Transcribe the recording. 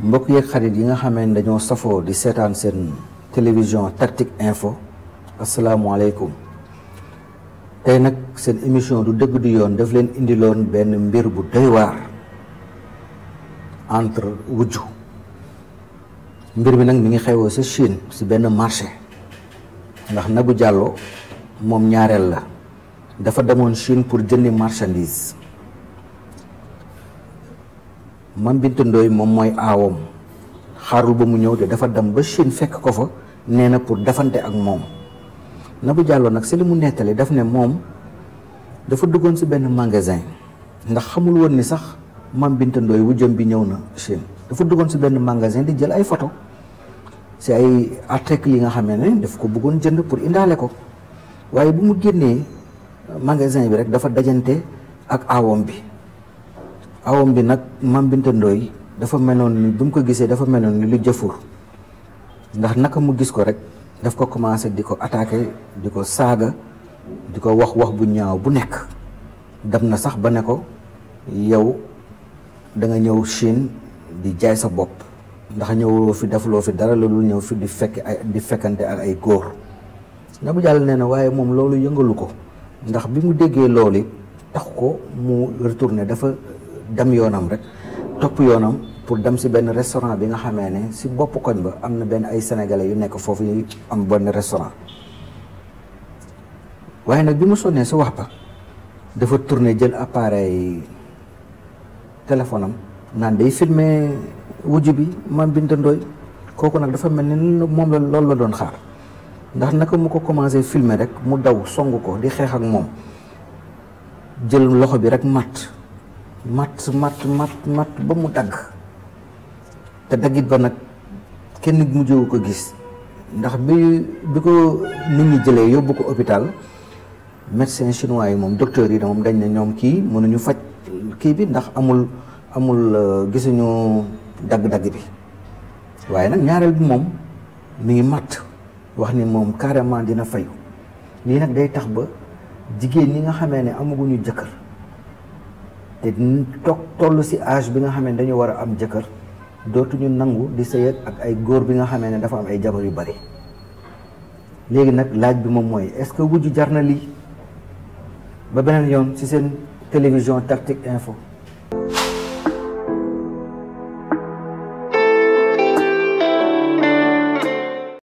mbokk yeeg xarit yi nga xamee ne dañoo safoo di seetaan seen télévision Tactic Info asalaamualeykum tey nag seen émission du dëgg du yoon daf leen indiloon benn mbir bu doy waar entre wujju mbir bi nag mi ngi xewoo sa Chine si benn marché ndax nagu jàlloo moom ñaareel la dafa demoon Chine pour jëndi marchandise man Binta ndooy moom mooy aawam xaarul ba mu ñëw te dafa dem ba Chine fekk ko fa nee na pour defante ak moom na Nabou Diallo nag si li mu nettali daf ne moom dafa duggoon si benn magasin ndax xamul woon ni sax Mame Binta Ndoye wujjam bi ñëw na Chine dafa duggoon si benn magasin di jël ay photo si ay article yi nga xam ne daf ko buggoon jënd pour indaale ko waaye bu mu génnee magasin bi rek dafa dajante ak aawam bi awam bi nag Mame Binta Ndoye dafa meloon ni bi mu ko gisee dafa meloon ni lu jëfur ndax naka mu gis ko rek daf ko commencé di ko attaqué di ko saaga di ko wax wax bu ñaaw bu nekk dem na sax ba ne ko yow danga ñëw Chine di jaay sa bopp ndax ñëwuloo fi defuloo fi dara loolu ñëw fi di fekk ay di fekkante ak ay góor na bu jàll nee na waaye moom loolu yëngalu ko ndax bi mu déggee loolu tax ko mu retourné dafa dem yoonam rek topp yoonam pour dem si benn restaurant bi nga xamee ne si bopp koñ ba am na benn ay sénégalais yu nekk foofu yu am benn restaurant waaye nag bi mu sonnee si wax ba dafa tourné jël appareil téléphone am naan day filmer wujj bi Mame Binta Ndoye kooku nag dafa mel ni moom la loolu la doon xaar ndax naka mu ko commencé filmer rek mu daw song ko di xeex ak moom jël loxo bi rek matt matt matt matt matt ba mu dagg te daggit ba nag kenn mujjewu ko gis ndax bi bi ko nit ñi jëlee yóbbu ko hôpital médecin chinois yi moom docteur yi moom dañ ne ñoom kii mënuñu faj kii bi ndax amul amul euh, gisuñu dagg-dagg bi waaye nag ñaareel bi moom mi ngi matt wax ni moom carrément dina fayu lii nag day tax ba jigéen ñi nga xamee ne amaguñu jëkkër te to toll si age bi nga xamee ne dañu war a am jëkkër dootuñu nangu di sëyat ak ay góor bi nga xamee ne dafa am ay jabar yu bari léegi nag laaj bi moom mooy est-ce que wujj jar na lii ba beneen yoon ci seen télévision Tactic Info